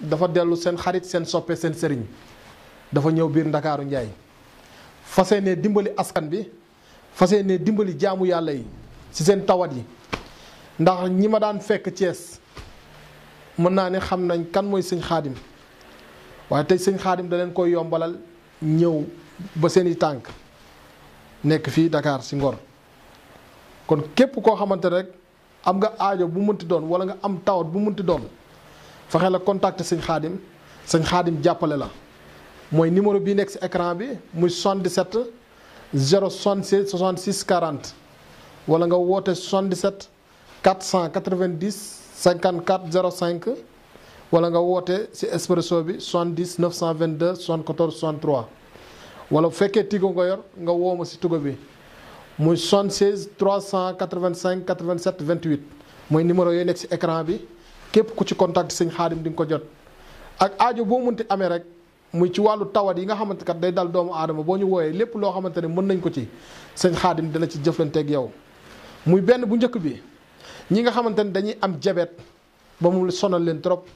dafa dellu seen xarit seen soppe seen sëriñ dafa ñëw biir ndakaaru njaay fas yéene dimbali askan bi fas yéene dimbali jaamu yàlla yi ci seen tawat yi ndax ñi ma daan fekk Cees mën naa ni xam nañ kan mooy sëñ xaadim waaye tey sëñ xaadim da leen koy yombalal ñëw ba seeni tànk nekk fii Dakar ci Ngor kon képp koo xamante rek am nga aajo bu mënti doon walla nga am tawat bu mënti doon Faire le contacter Seigne xaadim Seigne xaadim jàppale la moy numéro de nekk est écran bi moy 77 076 66 40 wala nga woote 77 490 54 05 wala nga woote ci Expresso bi 70 922 74 63 wala bu fekkee Tigo nga yor nga woma ma si bi moy 76 385 87 28 moy numéro yo bi. képp ku ci contact sëñ xaadim di nga ko jot ak aajo boo munti amee rek muy ci wàllu tawat yi nga xamante kat day dal doomu aadama boo ñu wooyee lépp loo xamante ne mën nañ ko ci sëñ xaadim dina ci jëflanteeg yow muy benn bu njëkk bi ñi nga xamante ne dañuy am jabet ba mu sonal leen trop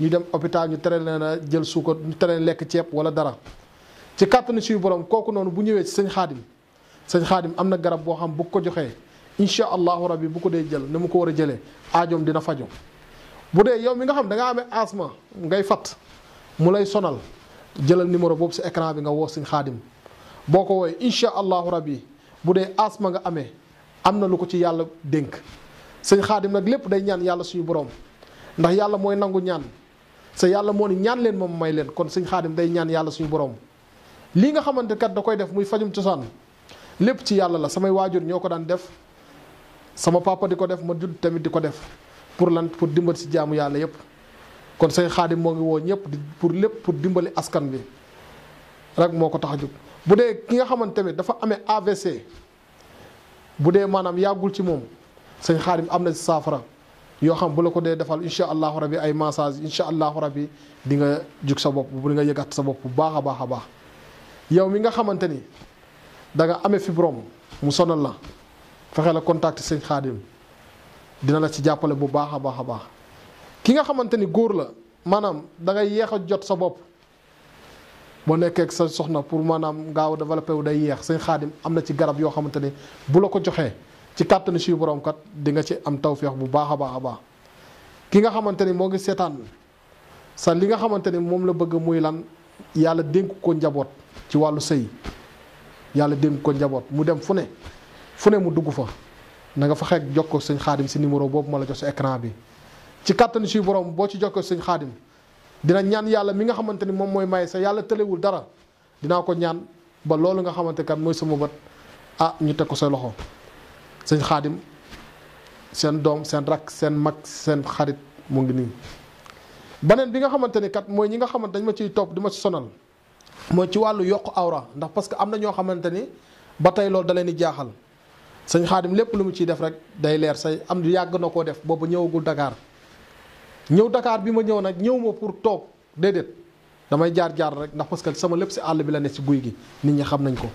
ñu dem hôpital ñu tere leen a jël suukar ñu tere leen lekk ceeb wala dara ci kàttanu suy borom kooku noonu bu ñëwee ci sëñ xaadim sëñ xaadim am na garab boo xam bu ko joxee incha allahu rabbi bu ko dee jël ni mu ko war a jëlee aajoom dina fajo Bude yow mi nga xam da nga asma ngay fat mu lay sonal jëlal numéro bobu si écran bi nga wo seigne khadim boko ko wooyee incha allahu asthma asma nga amé amna lu ko ci yalla denk seigne khadim nak lepp day ñaan yalla suñu borom ndax yalla moy nangu ñaan sa yalla mo ni ñaan leen mom may leen kon seigne khadim day ñaan yalla suñu borom li nga xamanté kat da koy def muy fajum tosan lepp ci yalla la samay wajur ñoko daan def sama papa diko def ma jud tamit diko def pour lant pour dimbali si jaamu yàlla yëpp kon sëñ xaadim moo ngi woo ñëpp di pour lépp pour dimbali askan bi rek moo ko tax a jóg bu dee ki nga xamante ne dafa amee AVC bu dee maanaam yàggul ci moom sëñ xaadim am na si saafara yoo xam bu la ko dee defal incha allahu bi ay massage incha allahu rabi di nga jug sa bopp bu di nga yëgaat sa bopp bu baax a baax a baax yow mi nga xamante ni da nga amee fibrome mu sonal la fexe la contact sëñ xaadim dina la ci bu bahaba a baax a baax ki nga xamante ni la maanaam da ngay yéex jot sa bopp boo nekkee sa soxna pour maanaam gaaw développé wu day yéex sëñ xaadim am ci garab yoo xamante bu la ko joxee ci borom kat di nga ci am bu bahaba a baax a baax ki nga xamante ni ngi seetaan sa li nga xamante ni moom la bëgg muy lan yàlla dénk ko ci ko mu dem fu ne mu dugg fa na nga xek jokkoo seigne khadim ci numéro bobu ma la jox ci écran bi ci kàttan ci borom bo ci jokkoo seigne khadim dina ñaan yalla mi nga xamanteni ni moy may sa yalla telewul dara dina ko ñaan ba lolu nga xamanteni kan moy sama bat ah ñu tek ko sa loxo seigne khadim sen dom sen rak sen mak sen xarit mo ngi ni banen bi nga xamanteni kat moy ñi nga xamanteni dañ ma ci top di ci sonal moy ci walu yokk awra ndax parce que amna ño xamanteni batay ni da di sëñ xaadim lépp lu mu ciy def rek day leer say am du yàgg na koo def boobu ñëwagul dakaar ñëw dakaar bi ma ñëw nag ñëw ma pour toog déedéet damay jaar jaar rek ndax parce que sama lépp si àll bi la ne si guy gi nit ñi xam nañ ko.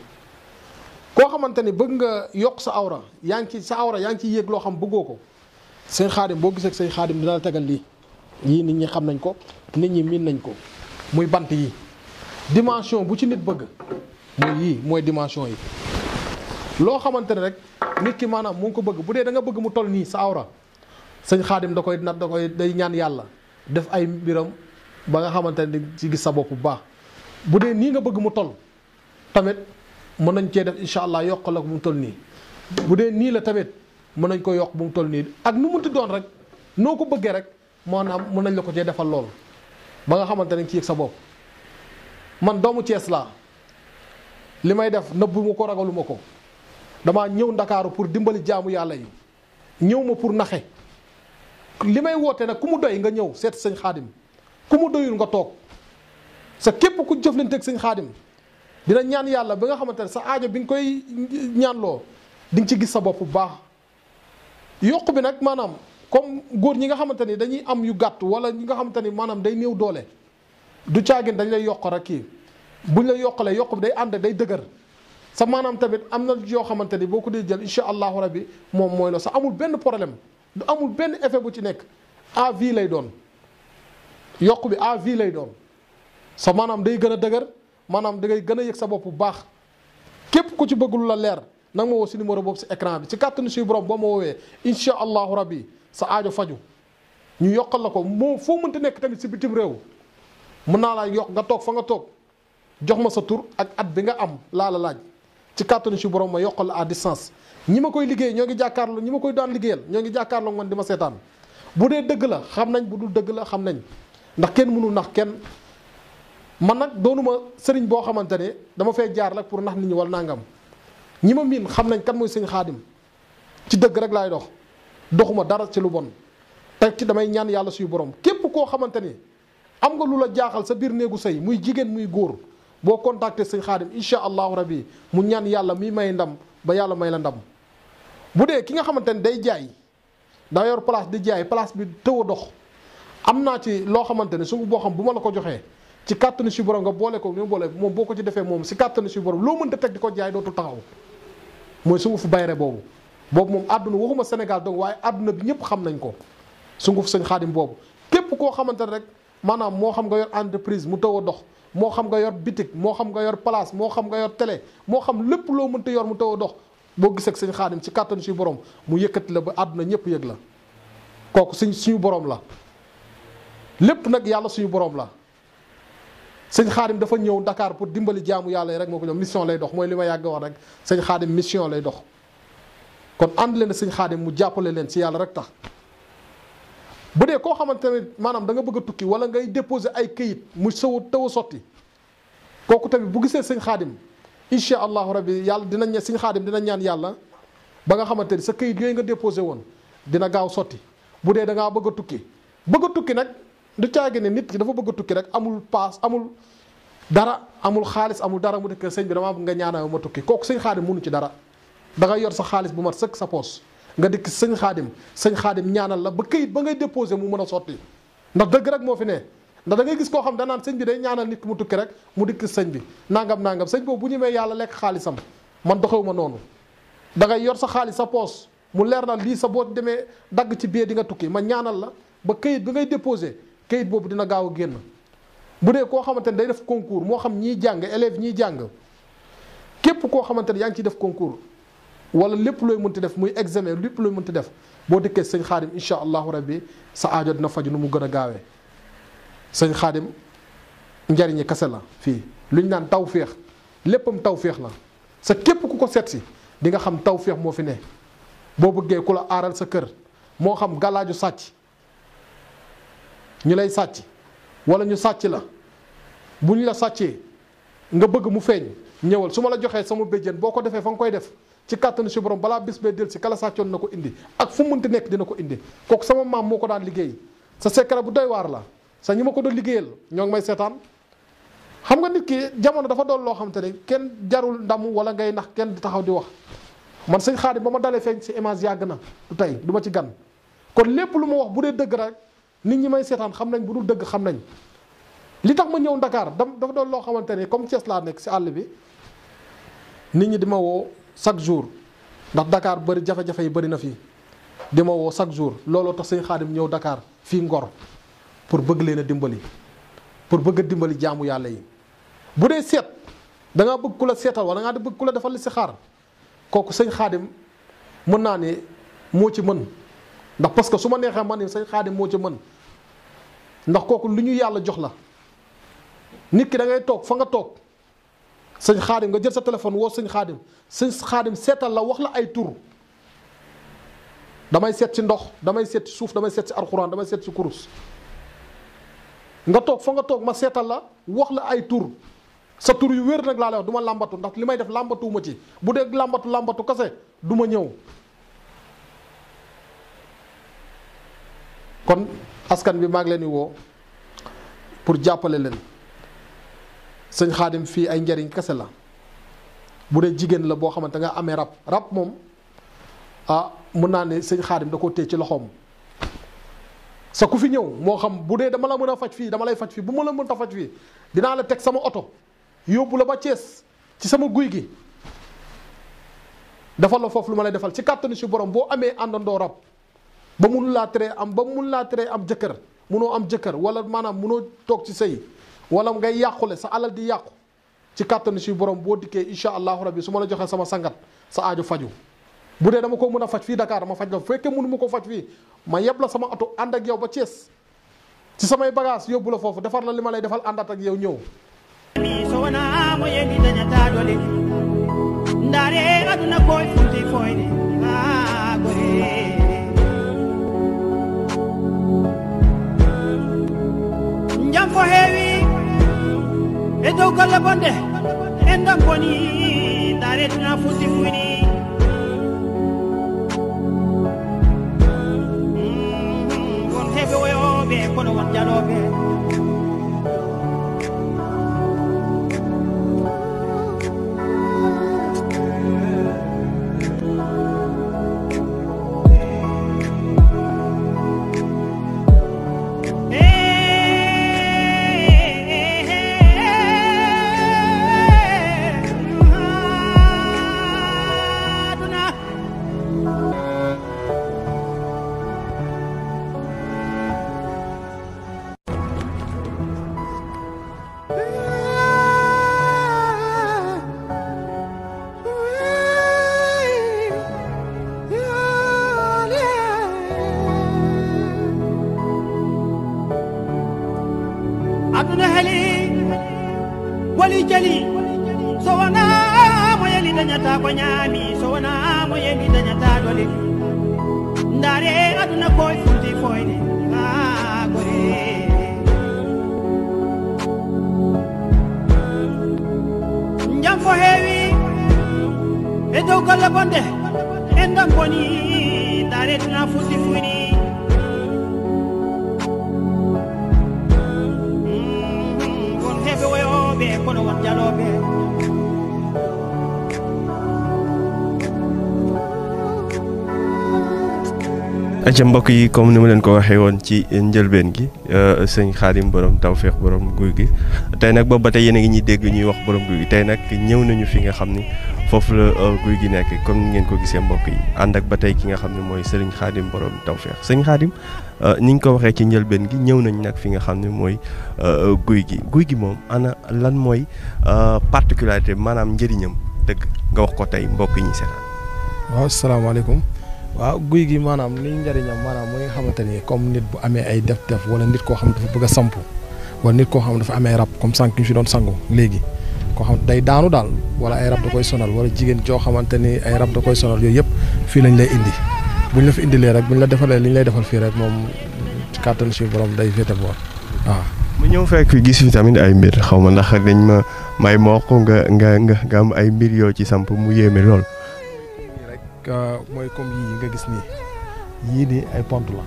koo xamante ni bëgg nga yokk sa awra yaa ngi ci sa yaa ngi ciy yéeg loo xam bëggoo ko sëñ xaadim boo gisee sëñ xaadim dina la tegal lii yii nit ñi xam nañ ko nit ñi miin nañ ko muy bant yi dimension bu ci nit bëgg mooy yii mooy dimension yi. loo xamante ne rek nit ki maanaam mu ngi ko bëgg bu dee da nga bëgg mu toll nii sa awra sëñ xaadim da koy nat da koy day ñaan yàlla def ay biram ba nga xamante ne ci gis sa bopp bu baax bu dee nii nga bëgg mu toll tamit mën nañ cee def incha allah yokk mu toll nii bu dee nii la tamit mën nañ ko yokk bu mu toll nii ak nu munti doon rek noo ko bëggee rek maanaam mën nañ la ko cee defal lool ba nga xamante ne ci sa bopp man doomu Cees laa li may def nëbbu mu ko ragaluma ko damaa ñëw ndakaaru pour dimbali jaamu yàlla yi ñëw ma pour naxe li may woote nag ku mu doy nga ñëw seet sañ xaadim ku mu doyul nga toog sa képp ku jëflanteeg sëñ xaadim dina ñaan yàlla ba nga xamante ne sa aajo bi nga koy ñaanloo di nga ci gis sa bopp bu baax yokk bi nag maanaam comme góor ñi nga xamante ni dañuy am yu gàtt wala ñi nga xamante ni maanaam day néew doole du caagin dañ lay yokk rek kii buñ la yokkalee yokk bi day ànd day dëgër sa maanaam tamit am na yoo xamante ni boo ko dee jël incha allahu rabi moom mooy la sa amul benn problème du amul benn effet bu ci nekk à vie lay doon yokk bi à vie lay doon sa maanaam day gën a dëgër maanaam dangay gën a yëg sa bopp bu baax képp ku ci bëggul la leer na ma woo si numéro boobu si écran bi si kàttanu suy borom boo ma woowee incha allahu rabi sa aajo faju ñu yokkal la ko moo foo mënta nekk tamit si bitim réew mën naa laa yokk nga toog fa nga toog jox ma sa tur ak at bi nga am laa laaj ci carton ci borom ma yokal a distance ñima koy liggéey ñogi ngi ñima koy daan liggéeyal ñogi man di bu la xam nañ bu dul deug la xam nañ ndax kenn mënu nax kenn man nak doonuma sëriñ bo xamantene dama fay jaar rek pour nax nit ñi wal nangam ñima min miin xam nañ kan moy sëñ khadim ci deug rek lay dox doxuma dara ci lu bon te ci damay ñaan yalla suy borom képp ko xamantene am nga lula jaaxal sa bir neegu sey muy jigen muy góor boo contacté sëñ xaadim incha allahu rabi mu ñaan yàlla mi may ndam ba yàlla may la ndam bu dee ki nga xamante ne day jaay daa yor place di jaay place bi tëw a dox am naa ci loo xamante ne suñu boo xam bu ma la ko joxee ci kàttanu si borom nga boole ko ñu boole moom boo ko ci defee moom si kàttanu si borom loo mënta teg di ko jaay dootul taxaw mooy sunguf bayre boobu boobu moom àdduna waxuma Sénégal donc waaye àdduna bi ñëpp xam nañ ko sunguf sëñ xaadim boobu képp koo xamante ne rek maanaam moo xam nga entreprise mu taw a dox moo xam nga yor bitik moo xam nga yor place moo xam nga yor télé moo xam lépp loo mënta yor mu taw a dox boo gisee ak sëñ xaadim ci kàttan suñu borom mu yëkkati la ba àdduna ñëpp yëg la kooku suñ suñu borom la lépp nag yàlla suñu borom la sëñ xaadim dafa ñëw Dakar pour dimbali jaamu yàlla yi rek moo ko ñëw mission lay dox mooy li ma yàgg wax rek sëñ xaadim mission lay dox kon ànd leen sëñ xaadim mu jàppale leen ci yàlla rek tax bu dee koo xamante ne maanaam da bëgg a tukki wala ngay déposé ay këyit mu saw taw sotti kooku tamit bu gisee sëñ xaadim incha allahu rabbi yàlla dinañ ne sëñ xaadim dina ñaan yàlla ba nga xamante ni sa këyit yooyu nga déposé woon dina gaaw sotti bu dee dangaa bëgg a tukki bëgg a tukki nag du caagi ne nit ki dafa bëgg a tukki rek amul paas amul dara amul xaalis amul dara mu nekk sëñ bi damaa bëgg nga ñaanal ma tukki kooku sëñ xaadim munu ci dara da yor sa xaalis bu mat sëkk sa poos nga dikk sëñ xaadim sëñ xaadim ñaanal la ba kayit ba ngay déposé mu mën a sotti ndax dëgg rek moo fi ne ndax da ngay gis koo xam danaan sëñ bi day ñaanal nit mu tukki rek mu dikk sëñ bi nangam nangam sëñ boobu bu ñëwee yàlla lekk xaalisam man doxewuma noonu da ngay yor sa xaalis sa poos mu leer na lii sa boo demee dagg ci biir di nga tukki ma ñaanal la ba kayit bi ngay déposé kayit boobu dina gaaw a génn bu dee koo xamante ne day def concours moo xam ñiy jàng élève ñiy jàng képp koo xamante ne yaa ngi ciy def concours wala lépp looy mënti def muy examen lépp looy mënti def boo dikkee sëñ xaadim incha allahu rabbi sa aajo dina faju nu mu gën a gaawee sëñ xaadim njariñi kase la fii lu ñu naan taw féex léppam taw féex la sa képp ku ko seet si di nga xam taw féex moo fi ne boo bëggee ku la aaral sa kër moo xam galaaju sàcc ñu lay sàcc wala ñu sàcc la bu ñu la sàccee nga bëgg mu feeñ ñëwal su ma la joxee sama béjjén boo ko defee fa nga koy def ci kàttanu si borom balaa bis bee del si kala sàccoon na ko indi ak fu munti nekk dina ko indi kooku sama maam moo ko daan liggéey sa secret bu doy waar la sa ñi ma ko doon liggéeyal ñoo ngi may seetaan xam nga nit ki jamono dafa doon loo xam ne kenn jarul ndamu wala ngay nax kenn di taxaw di wax man sëñ Xaadim ba ma dalee feeñ si image yàgg na tey du ci gan kon lépp lu ma wax bu dee dëgg nit ñi may seetaan xam nañ bu dul dëgg xam nañ li tax ma ñëw Dakar dam dafa doon loo xamante ne comme Thiès laa nekk si àll bi nit ñi di ma woo chaque jour ndax Dakar bëri jafe-jafe yi bëri na fii di ma woo chaque jour looloo tax sëñ Xaadim ñëw dakaar fii Ngor pour bëgg leen a dimbali pour bëgg a dimbali jaamu yàlla yi bu dee seet da bëgg ku la seetal wala da ngaa bëgg ku la defal li si xaar kooku sëñ Xaadim mën naa ne moo ci mën ndax parce que su ma neexee man ne sëñ Xaadim moo ci mën ndax kooku lu ñu yàlla jox la nit ki dangay toog fa nga toog sëñ xaadim nga jël sa téléphone woo sëñ xaadim sëñ xaadim seetal la wax la ay tur damay seet ci ndox damay seet ci suuf damay seet ci alxuraan damay seet ci kurus nga toog fa nga toog ma seetal la wax la ay tur sa tur yu wér nag laa lay wax du làmbatu ndax li may def làmbatuwuma ci bu dee làmbatu làmbatu kase duma ñëw kon askan bi maa ngi leen di woo pour jàppale leen sëñ xaadim fii ay njariñ kase la bu dee jigéen la boo xamante nga amee rab rab moom ah mën naa ne sëñ xaadim da ko téye ci loxoom sa ku fi ñëw moo xam bu dee dama la mën a faj fii dama lay faj fii bu ma la mënta faj fii dinaa la teg sama oto yóbbu la ba Cees ci sama guy gi defal la foofu lu ma lay defal ci kàttanu si borom boo amee àndandoo rab ba mun laa teree am ba mun laa teree am jëkkër munoo am jëkkër wala maanaam munoo toog ci sëy wala ngay yakule sa alal di yakku ci carton ci borom bo dikkee incha allahu rabi su la joxe sama sangat sa aju faju budé dama ko mëna fajj fi Dakar ma fajj la fekkee mënu mako fajj fi ma yeb la sama auto and ak yow ba ties ci sama bagage yobula fofu foofu defar la lima lay defal andat ak yow ñëw. ndaare aduna koy futi foyde maa gore jam ko heewi e dow golle bonɗe enɗan boni daretuna fuɗɗi fuyni won mm-hmm, mm-hmm, mm-hmm. heɓe woyoɓe kono won be. لهلي ولجلي سوانا مو يلي دنيتا بنيامي سوانا مو يلي دنيتا دولي ndare aduna koy fulti foyde ha gore jam fo heewi boni ndare duna fulti fuy kono wan again. aca mbokk yi comme ni ma leen ko waxee woon ci njëlbeen gi euh, sëñ Xaadim borom tawféex borom guy gi tey nag boobu ba tey yéen a ngi ñuy dégg ñuy wax borom guy gi tey nag ñëw nañu fi nga xam ni foofu la euh, guy gi nekk comme ngeen ko gisee mbokk yi ànd ba tey ki nga xam ne mooy sëriñ Xaadim borom tawféex sëñ Xaadim euh, ni ñu ko waxee ci njëlbeen gi ñëw nañ nag fi nga xam ne mooy guy gi guy gi moom ana lan mooy particularité maanaam njëriñam dëgg nga wax ko tey mbokk yi ñu seetaan. waaw salaamaaleykum. waaw guy gi maanaam liy njëriñam maanaam mooy nga xamante ni comme nit bu amee ay def-def wala nit koo xam dafa bëgg a sampu wala nit koo xam dafa amee rab comme sànq ñu fi doon sangu léegi koo xam day daanu daal wala ay rab da koy sonal wala jigéen joo xamante ni ay rab da koy sonal yooyu yëpp fii lañ lay indi buñ la fi indilee rek bu ñu la defalee li ñu lay defal fii rek moom ci kàttan suñu borom day féete boor waaw. mu ñëw fekk gis fi tamit ay mbir xaw ma ndax dañ ma may mokk nga nga nga am ay mbir yoo ci samp mu yéeme lool. Euh, mooy comme yii nga gis nii yii nii ay pont la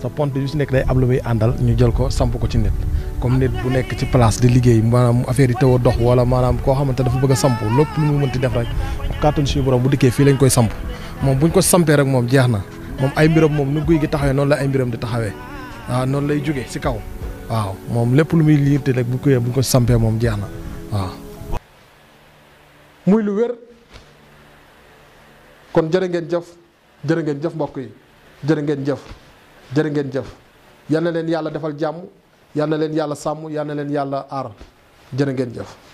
sa pont yu si nekk day ab lu muy àndal ñu jël ko samp ko ci nit comme nit bu nekk ci place di liggéey maanaam affaire yi taw a dox wala maanaam koo xamante dafa bëgg a samp lépp lu mu mënti def rek kàttan suñu borom bu dikkee fii lañ koy samp moom buñ ko sampee rek moom jeex na moom ay mbiram moom nu guy gi taxawee noonu la ay mbiram di taxawee waaw noonu lay jógee si kaw waaw moom lépp lu muy liirte rek bu ko buñ ko sampee moom jeex na waaw. kon jërë ngeen jëf jërë ngeen jëf mbokk yi jërë ngeen jëf jërë ngeen jëf yal na leen yàlla defal jàmm yal na leen yàlla sàmm yal na leen yàlla aar jërë ngeen jëf